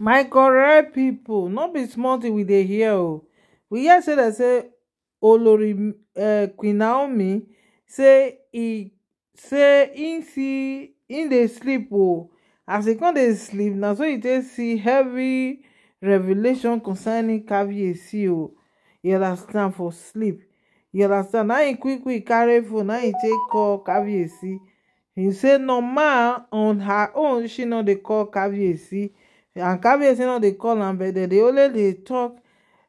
my correct people, no be small tin we dey hear o we hear say dem say olori eh, queen naomi say e, say im e see im dey sleep o as e come dey sleep na so e take see heavy revelation concerning caviarcy o you e understand for sleep you understand na im quick quick carry phone na im take call caviarcy He say normal on her own she no dey call caviarcy and kabiyesi no they call them. but dem only they talk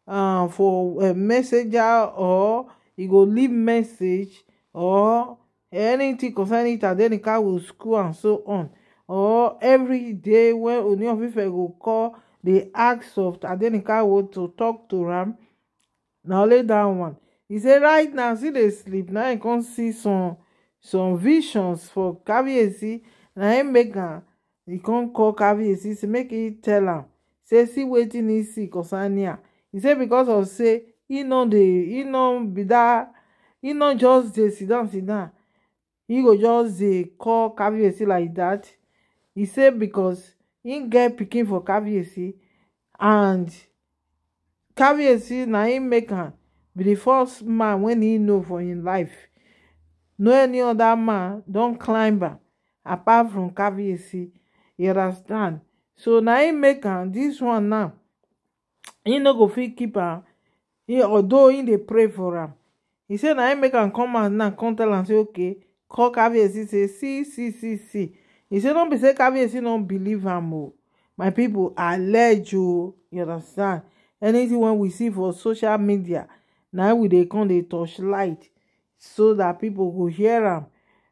uh, for a uh, messenger or e go leave message or anything concerning it adenika with school and so on or every day when oni of ife go call dey ask of adenika to talk to Ram. Now only dat one He said right now as e sleep now. im can see some some visions for kabiyesi Now he make am He come call caviarcy say make he tell am say see wetin e see concerning am e say becos of say he no dey he no be dat e no just dey sidon sidon e go just dey call caviarcy like that. He say because he get pikin for caviarcy and caviarcy na im make am be di first man wey he know for im life no any other man don climb am apart from caviarcy you understand so now, im make am dis one now he no go fit keep am although he dey pray for am He say now im make am come out now come tell am say okay call caviarcy say see see see see He say no be say caviarcy no believe am o oh. my people, allege o oh. you understand Anything when we see for social media now we dey come dey touch light so that people go hear am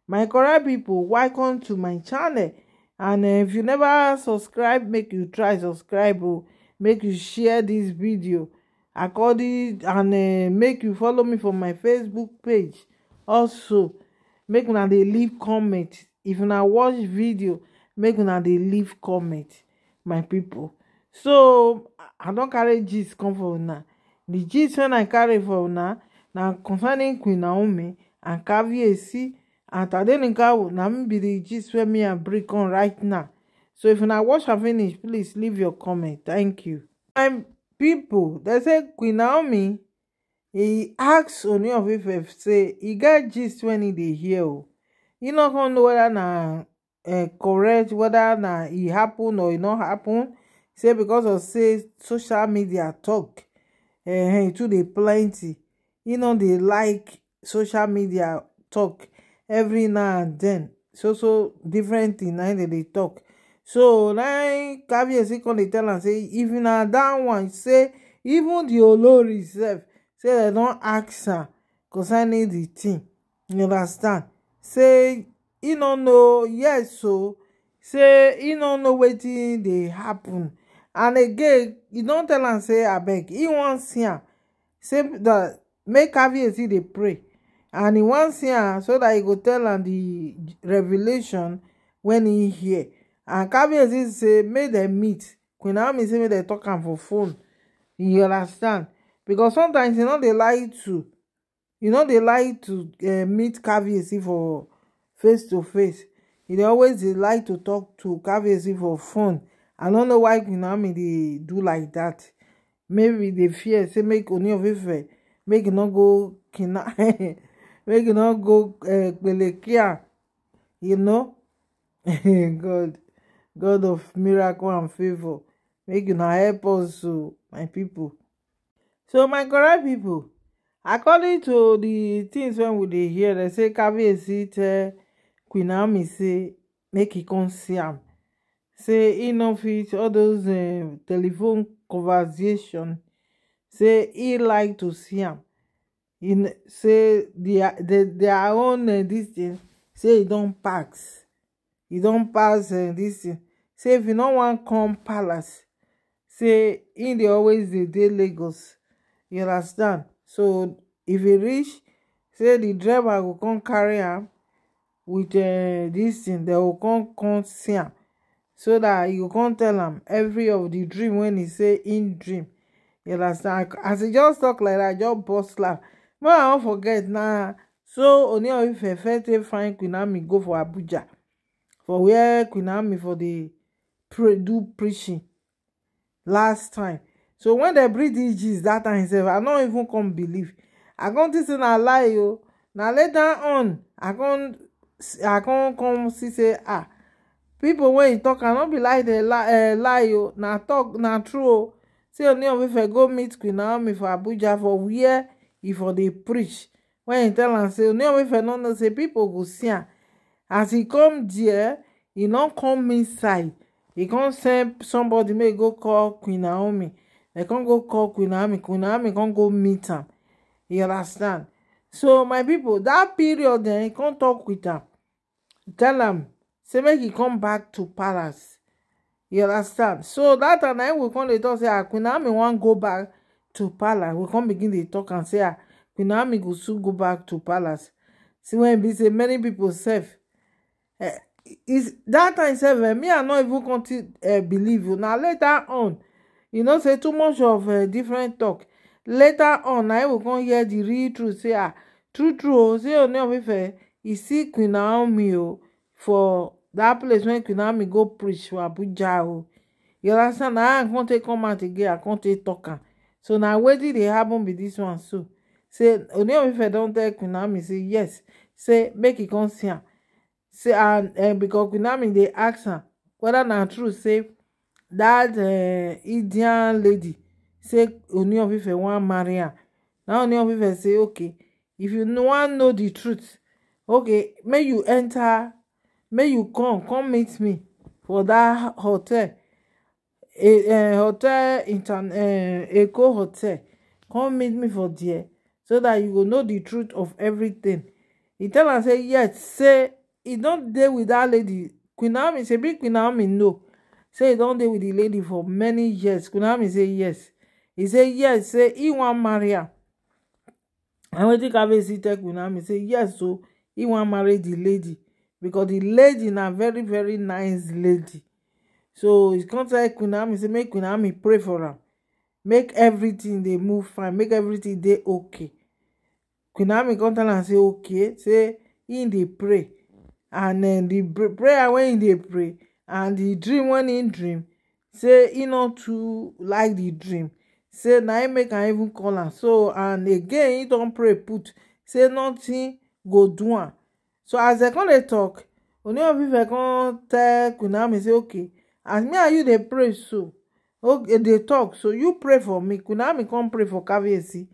my correct people, welcome to my channel and if you never subscribe make you try subscribe o oh. make you share this video according and eh, make you follow me for my facebook page also make una dey leave comment if una watch video make una dey leave comment my people. so i don't carry gist come for now. The gist when i carry for now. Now concerning queen naomi and caviarcy and adeynikawu na m biri gist wey me and brick on right now so if na watch her finish please leave your comment thank you my pipo dem say queen naomi e ask oni of ife say e get gist wen e dey hear o e no come know weda na eh, correct weda na e happen or e no happen say becos of say social media tok e eh, too dey plenty e no dey like social media tok every now and then so so different thing na dem dey talk so like kabiyesi come dey tell am say if na dat one say even the olori sef say dem don ask am concerning the thing you understand say e no know yes o say e no know wetin dey happen and again e don tell am say abeg e wan see am say make kabiyesi dey pray and he wan see am ah, so that he go tell am the revelation wen he hear and kabiyesi say make dem meet queen naomi say make dem talk am for phone you understand because sometimes you no dey like to you no dey like to eh, meet kabiyesi for face to face e dey always dey like to talk to kabiyesi for phone i no know why queen naomi dey do like that. maybe dey fear say make oni of ife make e no go kidnap make you no go kpelekia eh, you know god god of miracle and favour make you na help us o my pipo so my correct pipo according to di tins wey we dey hear dem say kabiyesi tell queen naomi say make e come see am say e no fit all those eh, telephone conversation say e like to see am in say the the their own uh, this thing say don't pass You don't pass uh, this thing say if you no want come palace say in the always the day lagos you understand so if you reach say the driver will come carry him with uh, this thing they will come come see him. so that you can tell him every of the dream when he say in dream you understand as he just talk like that, just bust laugh wey i wan forget na so oni of ife first take find queen ami go for abuja for where queen ami for dey do preaching last time so when dem bring dis gist that time sef i no even come believe i come think say na lie o oh. na later on i come i come come see say ah pipo wey e talk i no be like dey eh, lie lie, oh. o na talk na true o oh. say oni of go meet queen naomi for abuja for where? e for dey preach when he tell am say only if i no know say pipo go see am as he come there he no come inside He come send somebody make e go call queen naomi they come go call queen naomi queen naomi come go meet am you understand so my people, that period then he come talk with am tell am say make e come back to palace you understand so that time na im we come dey tok say ah queen naomi wan go back to palace we come begin dey talk and say ah queen naomi go soon go back to palace see when we say many people pipo eh, is that time sef eh, me i no even continue eh, believe you now later on you know say too much of different talk later on I e will come hear the real truth say ah true true oh. say oni of ife e see queen naomi o oh for that place wen queen naomi go preach for abuja o oh. you understand i come take come out again i come take tok so na wetin they happen with this one so say oni of ife don tell kunami say yes say make it e come say and eh, because kunami they ask am whether na true say dat eh, indian lady say oni of ife wan marry am na oni of ife say okay if you no one know the truth okay May you enter May you come come meet me for that hotel a eh, hotel eco eh, hotel come meet me for there so that you will know the truth of everything He tell am say yes say he don dey with that lady queen naomi say big queen naomi know say he don dey with the lady for many years queen naomi say yes He say yes say he wan marry her. and wetin kabezi tell queen naomi say yes o He wan marry the lady because the lady na very very nice lady so e queen kunami say make kunami pray for am make everything dey move fine make everything dey okay kunami come tell am say okay say e dey pray and then the prayer wey e dey pray and the dream wey e dream say e no too like the dream say na im make am even call am so and again im don pray put say nothing go do am so as dem come dey talk one of pipo come tell kunami say okay. as me and you dey pray so okay dey talk so you pray for me kunami come pray for kaviesi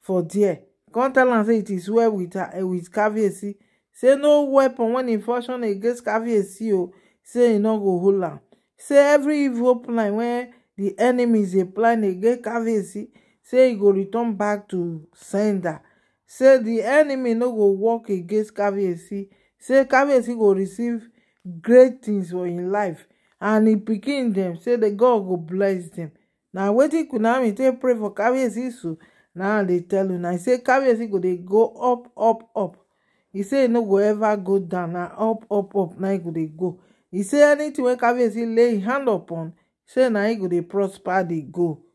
for there come tell am say it is well with her eh, with kaviesi say no weapon wen e function against kaviesi o oh. say e no go hold am say every evil plan wey di enemies dey plan against kaviesi say e go return back to sender say di enemy no go work against kaviesi say kaviesi go receive great things for im life and e pikin dem say the god go bless dem na wetin kunami take pray for kabiyesi so na i dey tell una e say kabiyesi go dey go up up up He say e no go ever go down na up up up na he go dey go He say anything wey kabiyesi lay e hand upon say na he go dey prosper dey go